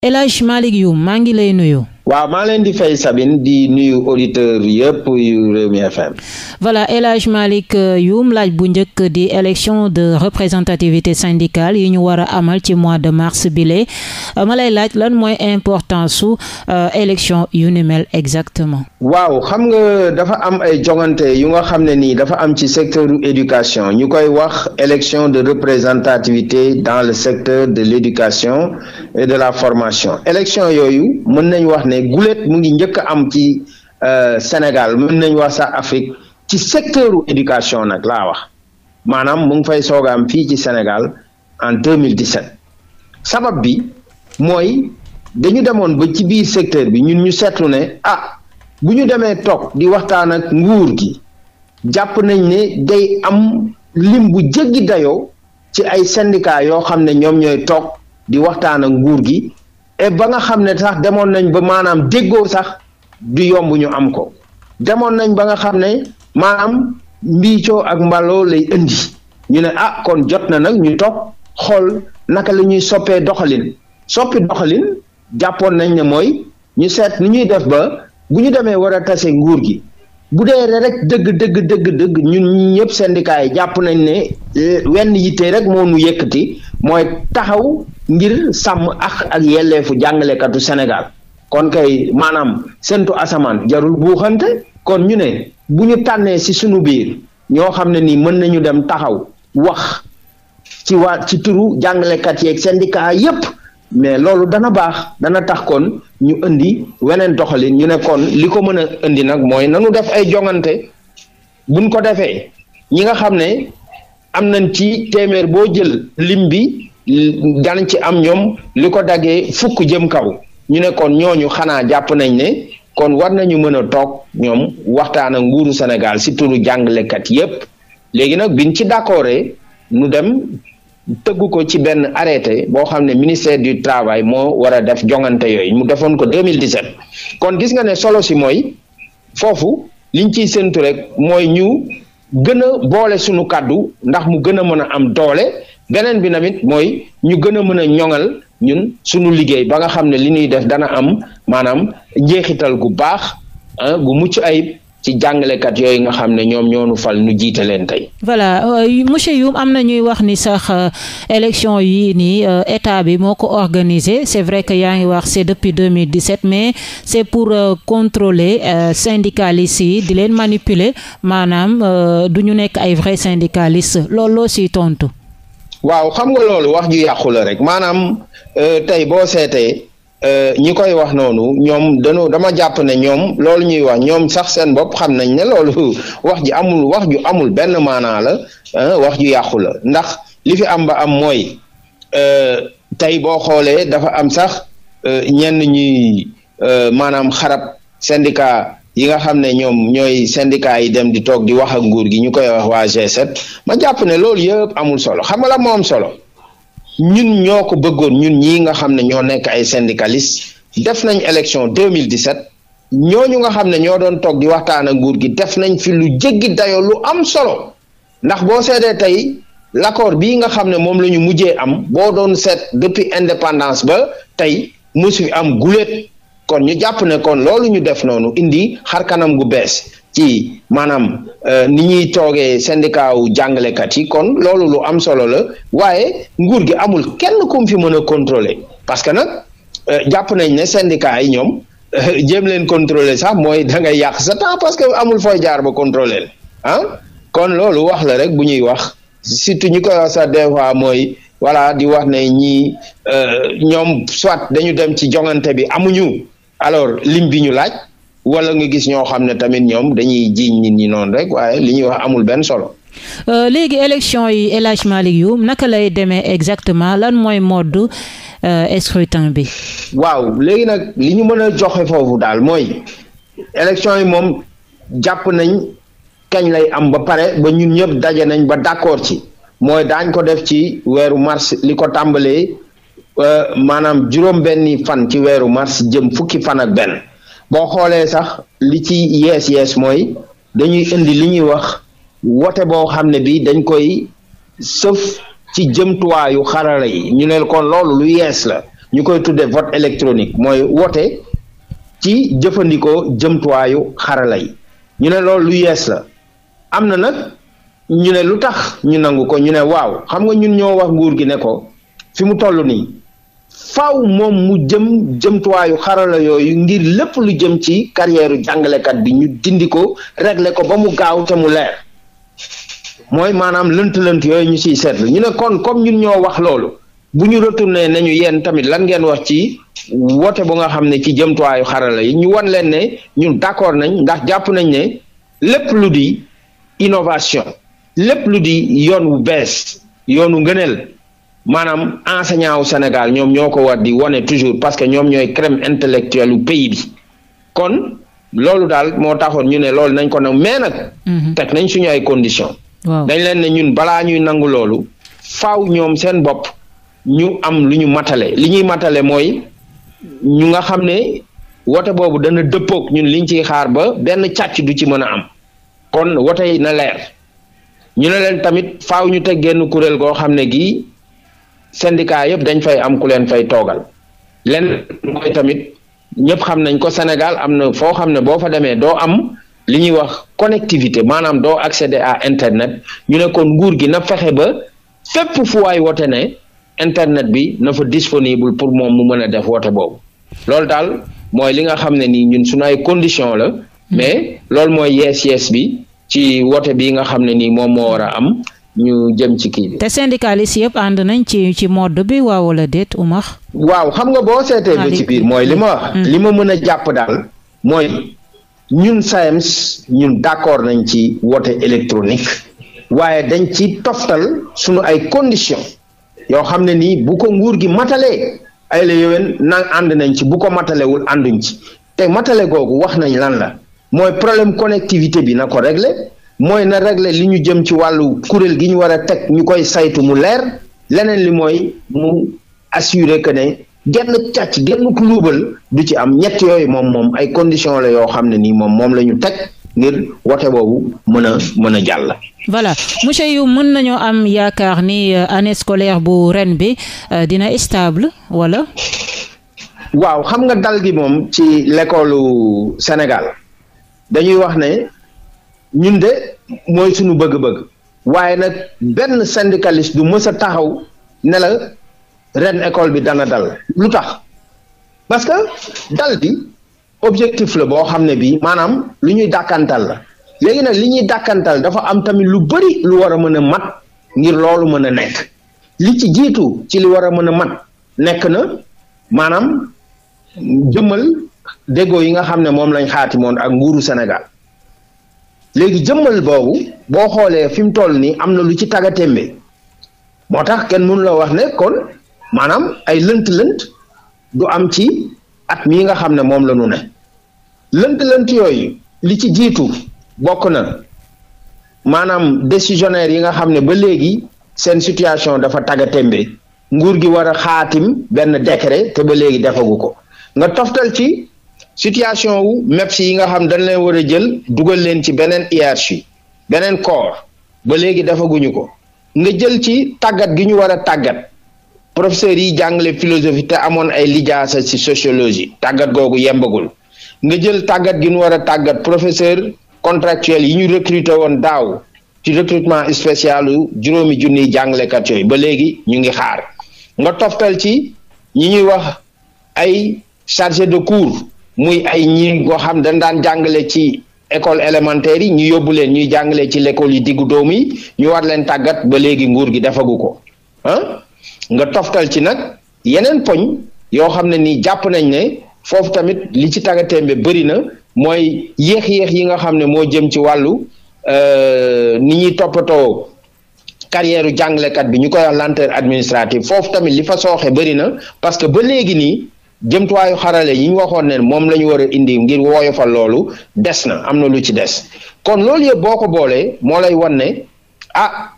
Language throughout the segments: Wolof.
El Hadj Malick Youm maa ngi lay nuyu. waaw maa leen di fay Sabine di nuyu auditeurs yëpp yu Rewmi FM. voilà El Hadj Malick euh, Youm laaj bu njëkk di élection de représentativité syndicale yi ñu war a amal ci mois de mars bile euh, ma laaj lan mooy importance su euh, élection yu ni mel exactement. waaw xam nga dafa am ay jongante yu nga xam ne nii dafa am ci secteur éducation ñu koy wax élection de représentativité dans le secteur de l'éducation et de la formation élection yooyu mën nañu wax ne. ne guléet mu ngi njëkk a am ci euh, Sénégal mën nañ wax sax Afrique ci secteur u éducation nag laa wax maanaam mu ngi fay soog a am fii ci Sénégal en 2017 sabab bi mooy dañu demoon ba ci biir secteur bi ñun ñu seetlu ne ah bu ñu demee toog di waxtaan ak nguur gi jàpp nañ ne day am lim bu jéggi dayoo ci ay syndicat yoo xam ne ñoom ñooy toog di waxtaan ak nguur gi ba nga xam ne sax demoon nañ ba maanaam déggoo sax du yomb ñu am ko demoon nañ ba nga xam ne maanaam mbiicoo ak mbaloo lay ëndi ñu ne ah kon jot na nag ñu topp xool naka la ñuy soppee doxalin soppi doxalin jàppoon nañ ne mooy ñu seet ni ñuy def ba bu ñu demee war a tase nguur gi bu dee rek dëgg dëgg dëgg dëgg ñun ñëpp syndicat yi jàpp nañ ne eh, wenn yitte rek moo nu yëkkati mooy taxaw ngir sàmm ak ak yelleefu jàngalekatu Sénégal kon kay maanaam sentu asamaan jarul buuxante kon ñu ne bu ñu tànnee ci sunu biir ñoo xam ne ni mën nañu dem taxaw wax ci waa ci turu jàngalekat yeeg syndicat yépp mais loolu dana baax dana tax kon ñu indi weneen doxalin ñu ne li ko mën a indi nag mooy nanu def ay jongante buñ ko defee ñi nga xam ne am nañ ci téeméer boo jël lim bi danañ ci am ñoom li ko daggee fukk jëm kaw ñu ne kon ñooñu xanaa jàpp nañ ne kon war nañu mën a toog ñoom waxtaan ak nguuru Sénégal surtout turu jàngalekat yépp léegi nag biñ ci d'accordé nu dem tëggu ko ci benn arrêté boo xam ne ministère du travail moo war a def jongante yooyu mu defoon ko 2017 kon gis nga ne solo si mooy foofu liñ ciy séntu rek mooy ñu gën a boole sunu kàddu ndax mu gën a mën a am doole beneen bi tamit mooy ñu gën a mën a ñoŋal ñun suñu liggéey ba nga xam ne li ñuy def dana am maanaam njeexital gu baax ah, gu mucc ay ci jàngalekat yooyu nga xam ne ñoom ñoo nu fal nu jiite leen tey. voilà euh, monsieur Youm am na ñuy wax ni sax euh, élection yii nii euh, état bi moo ko organisé c'est vrai que yaa ngi wax c'est depuis 2017 mais c'est pour contrôler syndicalistes yi di leen manipuler maanaam du ñu nekk ay vrais syndicalistes loolu loo si tontu. waaw xam nga loolu wax ju yàqu la rek maanaam euh, tey boo seetee euh, ñi koy wax noonu ñoom dañoo dama jàpp ne ñoom loolu ñuy wax ñoom sax seen bopp xam nañ ne loolu wax ji amul wax ju amul benn maanaa la wax ju yàqu la ndax li fi am ba am mooy euh, tey boo xoolee dafa am sax ñenn ñuy maanaam xarab syndicat yi nga xam ne ñoom ñooy syndicat yi dem di toog di wax ak nguur gi ñu koy wax waa G7 ma jàpp ne loolu yëpp amul solo xam nga la moom solo ñun ñoo ko bëggoon ñun ñii nga xam ne ñoo nekk ay syndicaliste def nañ élection 2017 ñooñu nga xam ne ñoo doon toog di waxtaan ak nguur gi def nañ fi lu jéggi dayoo lu am solo ndax boo seetee tey l'accord bii nga xam ne moom la ñu mujjee am boo doon seet depuis indépendance ba tey musu am guléet kon ñu jàpp ne kon loolu ñu def noonu indi xar kanam gu bees ci maanaam euh, ni ñuy toogee syndicat wu jàngalekat yi kon loolu lu am solo la waaye nguur gi amul kenn kum fi mën a contrôler parce que nag euh, jàpp nañ ne syndicat yi ñoom euh, jëm leen contrôler sax mooy da ngay yàq sa temps parce que amul fooy jaar ba contrôler ah kon loolu wax la rek bu ñuy wax surtout ñu koy wax sax des mooy voilà di wax ne ñi ñoom soit dañu dem ci joŋante bi amuñu. alors lim bi ñu laaj wala nga gis ñoo xam ne tamit ñoom dañuy jiiñ nit ñi noonu rek waaye li ñuy wax amul benn solo. Euh, léegi élection yi El Hadj Malick naka lay demee exactement lan mooy mode euh, scrutin bi. waaw léegi nag li ñu mën a joxe foofu daal mooy élection yi moom jàpp nañ kañ lay am ba pare ba ñun ñëpp daje nañ ba d'accord ci mooy daañ ko def ci weeru mars li ko tàmbalee. Euh, maanaam juróom-benni fan ci weeru mars jëm fukki fan ak benn boo xoolee sax li ci yees yees mooy dañuy indi li ñuy wax wote boo xam ne bi dañ koy sëf ci jëmtuwaayu xarala yi ñu ne kon loolu lu yees la ñu koy tudde vote électronique mooy wote ci jëfandikoo jëmtuwaayu xarala yi ñu ne loolu lu yees la am na nag ñu ne lu tax ñu nangu ko ñu ne waaw xam nga ñun ñoo wax nguur gi ne ko fi mu toll nii faw moom mu jëm jëmtuwaayu xarala yooyu ngir lépp lu jëm ci carrière jàngalekat bi ñu dindi ko régler ko ba mu gaaw te mu leer mooy maanaam lënt-lënt yooyu ñu siy seetlu ñu ne kon comme ñun ñoo wax loolu bu ñu retourné nañu yéen tamit lan ngeen wax ci woote bu nga xam ne ci jëmtuwaayu xarala yi ñu wan leen ne ñun d'accord nañ ndax jàpp nañ ne lépp lu di innovation lépp lu di yoon wu bees yoonu ngëneel maanaam enseignant wu Sénégal ñoom ñoo ko war di wane toujours parce que ñoom ñooy crème intellectuelle u pays bi kon loolu daal moo taxoon ñu ne loolu nañ ko nag mais nag. Mhm. teg nañ suñu ay conditions. dañ leen ne ñun balaa ñuy nangu loolu faaw ñoom seen bopp ñu am lu ñu matale li ñuy matale mooy ñu nga xam ne wote boobu dana dëppoog ñun liñ ci xaar ba benn càcc du ci mën a am kon wote na leer ñu ne leen tamit faw ñu teg genn kuréel goo xam ne gii. syndicat yëpp dañ fay am ku leen fay toogal leen mooy tamit ñëpp xam nañ ko Sénégal am na foo xam ne boo fa demee doo am li ñuy wax connectivité maanaam doo accéder à internet ñu ne kon nguur gi na fexe ba fépp fu waay woote ne internet bi na fa disponible pour moom mu mën a def wote boobu loolu daal mooy li nga xam ne nii ñun suñu ay condition la mm-hmm. mais loolu mooy yees yees bi ci wote bi nga xam ne nii moom moo war a am ñu jëm ci kii bi. te syndicaliste yëpp ànd nañ ci ci mode bi waaw wala déet Umar. waaw xam nga boo seetee ba ci biir mooy li ma. Mm. Mm. li ma mën a jàpp daal mooy ñun SAEMS e ñun d'accord nañ ci wote électronique waaye dañ ci toftal suñu ay conditions yoo xam ne nii bu ko nguur gi matalee ay la yowén na ànd nañ ci bu ko matalewul ànduñ ci te matale googu wax nañ lan la mooy problème connectivité bi na ko régler mooy na régler li ñu jëm ci wàllu kuréel gi ñu war a teg ñu koy saytu mu leer leneen li mooy mu assurer que ne genn càcc genn luubal du ci am ñett yooyu moom moom ay conditions la yoo xam ne nii moom moom la ñu teg ngir wote boobu mën a mën a jàll. voilà monsieur Youm mën nañoo am yaakaar ni euh, année scolaire bu ren bi euh, dina stable wala. waaw xam nga dal gi moom ci l'école Sénégal dañuy wax ne. ñun de mooy suñu bëgg-bëgg waaye nag benn syndicaliste du mës a taxaw ne ren école bi dana dal lu tax parce que dal bi objectif la boo xam ne bii maanaam lu ñuy dàkkantal la léegi nag li ñuy dàkkantal dafa am tamit lu bëri lu war a mën a mat ngir loolu mën a nekk li ci jiitu ci li war a mën a mat nekk na maanaam jëmmal déggoo yi nga xam ne moom lañ xaatimoon ak nguuru Sénégal léegi jëmmal boobu boo xoolee fi mu toll nii am na lu ci tàggatémbe moo tax kenn mënu la wax ne kon maanaam ay lënt-lënt du am ci at mii nga xam ne moom la ñu ne lënt-lënt yooyu li ci jiitu bokk na maanaam décisionnaire yi nga xam ne ba léegi seen situation dafa tàggatémbe nguur gi war a xaatim benn décret te ba léegi defagu ko nga toftal ci situation wu MEPS yi nga xam dañ leen war a jël dugal leen ci beneen hiérarchie beneen corps ba léegi defaguñu ko nga jël ci tàggat gi ñu war a tàggat professeurs yi jàngale philosophie te amoon ay lijaasa ci sociologie tàggat googu yembagul nga jël tàggat gi ñu war a tàggat professeur contractuel yi ñu recruter woon daaw ci recrutement spécial juróomi ju junniy jàngalekat yooyu ba léegi ñu ngi xaar nga toftal ci ñi ñuy wax ay chargé de cours muy ay ñii ngoo xam dañ daan jàngale ci école élémentaire yi ñu yóbbu leen ñuy jàngale ci lekkool yi diggu doom yi ñu war leen tàggat ba léegi nguur gi defagu ko nga toftal ci nag yeneen poñ yoo xam ne nii jàpp nañ ne foofu tamit li ci tagatémbe bëri na mooy yéex-yéex yi nga xam ne moo jëm ci wàllu euh, ni ñuy toppatoo carrière jàngalekat bi ñu koy wax lenteur administrative foofu tamit li fa sooxe bëri na parce que ba léegi nii jëmtuwaayu xarale yi ñu waxoon ne moom la ñu war a indi ngir woyofal loolu des na am na lu ci des kon loolu yëpp boo ko boolee moo lay wan ne ah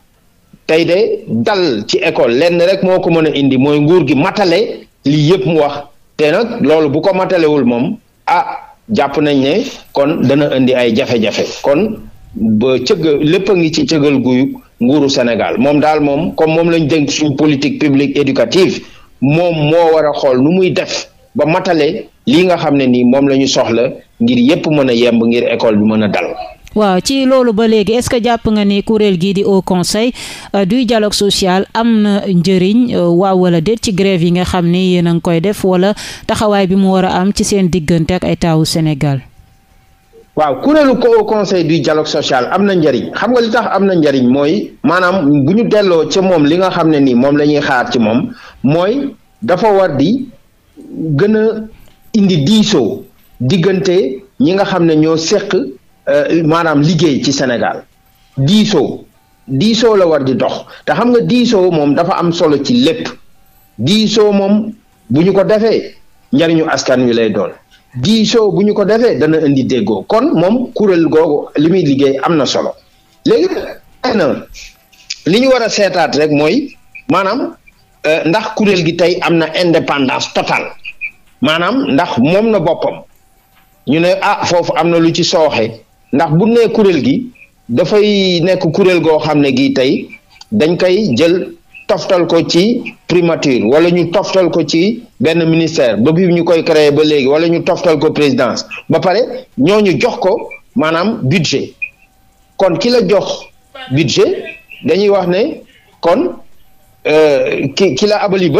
tey de dal ci école lenn rek moo ko mën a indi mooy nguur gi matale lii yëpp mu wax te nag loolu bu ko matalewul moom ah jàpp nañ ne kon dana indi ay jafe-jafe kon ba cëgg lépp a ngi ci cëgal guyu nguuru Sénégal moom daal moom comme moom lañ dénk suñu politique publique éducative moom moo war a xool nu muy def ba matale lii nga xam ne nii moom la ñu soxla ngir yépp mën a yemb ngir école bi mën a dal. waaw ci loolu ba léegi est-ce que jàpp nga ni kuréel gii di Haut Conseil euh, duy dialogue social am na njëriñ euh, waaw wala ci grève yi nga xam ni yéen a ngi koy def wala taxawaay bi mu war a am ci seen diggante ak état waaw kuréelu Conseil du dialogue social am na njëriñ xam nga li tax am na njariñ mooy maanaam bu ñu delloo ci moom li nga xam ne nii moom lañuy xaar ci moom mooy dafa war di. gën a indi diisoo diggante ñi nga xam ne ñoo seq euh, maanaam liggéey ci Sénégal diisoo diisoo la war di dox te xam nga diisoo moom dafa am solo ci lépp diisoo moom bu ñu ko defee njariñu askan wi lay doon diisoo bu ñu ko defee dana indi déggoo kon moom kuréel googu li muy liggéey am na solo léegi li ñu war a seetaat rek mooy maanaam Euh, ndax kuréel gi tey am na indépendance totale maanaam ndax moom na boppam ñu ne ah foofu am na lu ci sooxe ndax bu ne kuréel gi dafay nekk kuréel goo xam ne gii tey dañ koy jël toftal ko ci primature wala ñu toftal ko ci benn ministère ba bi ñu koy créer ba léegi wala ñu toftal ko présidence ba pare ñoo ñu jox ko maanaam budget kon ki la jox budget dañuy wax ne kon Euh, ki ki la abali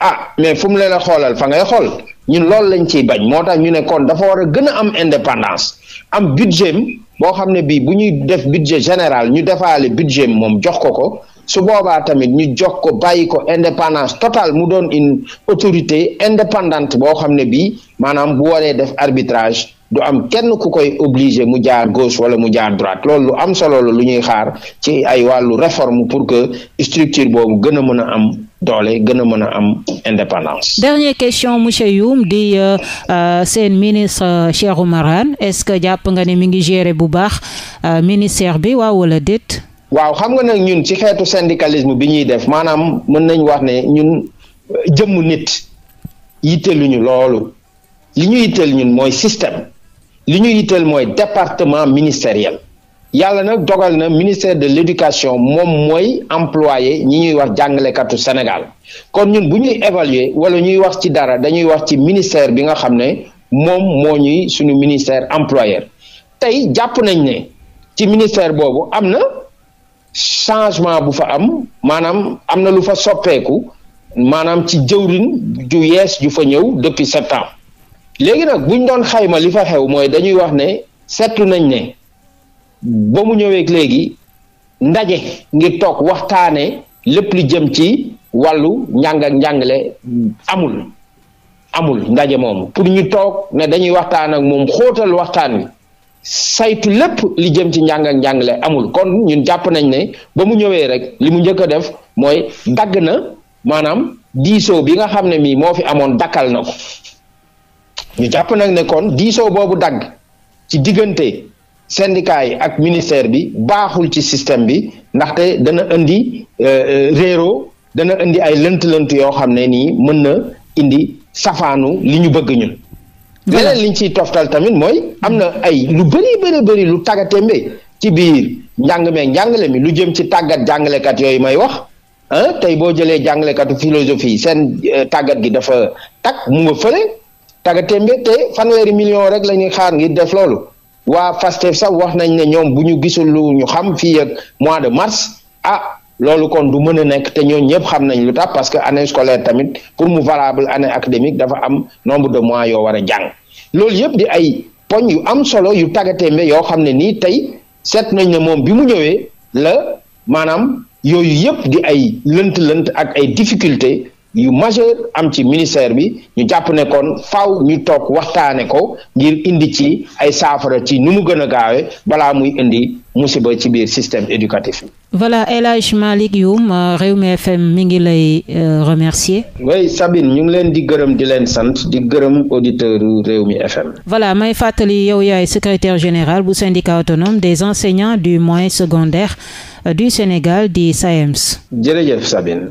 ah mais fu leen a xoolal fa ngay xool ñun loolu lañ ciy bañ moo tax ñu ne kon dafa war a gën a am indépendance am budget boo xam ne bii bu ñuy def budget général ñu defaale budget moom jox ko ko su boobaa tamit ñu jox ko bàyyi ko indépendance totale mu doon une autorité indépendante boo xam ne bii maanaam bu waree def arbitrage du am kenn ku koy obligé mu jaar gauche wala mu jaar droite loolu lu am solo la lu ñuy xaar ci ay wàllu réforme pour que structure boobu gën a mën a am doole gën a mën a am indépendance. dernière question monsieur Youm di euh, euh, seen ministre euh, Cheikhou Marane est-ce que jàpp nga ne mi ngi gérer bu baax euh, ministère bi waaw wala déet. waaw xam nga nag ñun ci xeetu syndicalisme bi ñuy def maanaam mën nañ wax ne ñun euh, jëmm nit ñu loolu li ñu yitteel ñun mooy système. li ñuy yitteel mooy département ministériel yàlla nag dogal na ministère de l'éducation moom mooy employé ñi ñuy wax jàngalekatu Sénégal kon ñun bu ñuy évaluer wala ñuy wax ci dara dañuy wax ci ministère bi nga xam ne moom moo ñuy suñu ministère employeur tey jàpp nañ ne ci ministère boobu am na changement bu fa am maanaam am na lu fa soppeeku maanaam ci jëwrin ju yees ju fa ñëw depuis septembre léegi nag buñ doon xayma li fa xew mooy dañuy wax ne seetlu nañ ne ba mu ñëwee léegi ndaje ngir toog waxtaane lépp lu jëm ci wàllu njàng ak amul amul ndaje moomu pour ñu toog ne dañuy waxtaan ak moom xóotal waxtaan wi saytu lépp li jëm ci njàng njàngale amul kon ñun jàpp nañ ne ba mu ñëwee rek li mu njëkk a def mooy dagg na maanaam diisoo bi nga xam ne mii moo fi amoon dakkal na ko ñu jàpp nag ne kon diisoo boobu dagg ci diggante syndicat ak ministère bi baaxul ci système bi ndaxte dana indi euh, euh, réero dana indi ay lënt-lënt yoo xam ne nii mën na indi safaanu li ñu bëgg ñun. beneen liñ ciy toftal tamit mooy am na ay lu bëri bëri bëri lu tàggatémbe ci biir njàng meeg njàngale mi lu jëm ci tàggat jàngalekat yooyu may wax ah, tey boo jëlee jàngalekatu philosophie seen euh, tàggat gi dafa tag mu nga fële tàggatémbe te fanweeri million rek la ñuy xaar ngi def loolu waa Pastef sax wax nañ ne ñoom bu ñu gisul lu ñu xam fii ak mois de mars ah loolu kon du mën a nekk te ñooñu ñëpp xam nañ lu tax parce que année scolaire tamit pour mu valable année académique dafa am nombre de mois yoo war a jàng loolu yëpp di ay poñ yu am solo yu tàggatémbe yoo xam ne nii tey seet nañ ne moom bi mu ñëwee la maanaam yooyu yëpp di ay lënt-lënt ak ay difficulté yu majeur am ci ministère bi ñu jàpp ne kon faaw ñu toog waxtaane ko ngir indi ci ay saafara ci nu mu gën a gaawee balaa muy indi musiba ci biir système éducatif bi. voilà El Hadj Malick Youm euh, Rewmi FM mi ngi lay euh, remercier. oui Sabine ñu ngi leen di gërëm di leen sant di gërëm auditeurs Rewmi FM. voilà may fàttali yow yaay secretaire général bu syndicat autonome des enseignants du moyen secondaire euh, du Sénégal di SAEMS. E jërëjëf Sabine.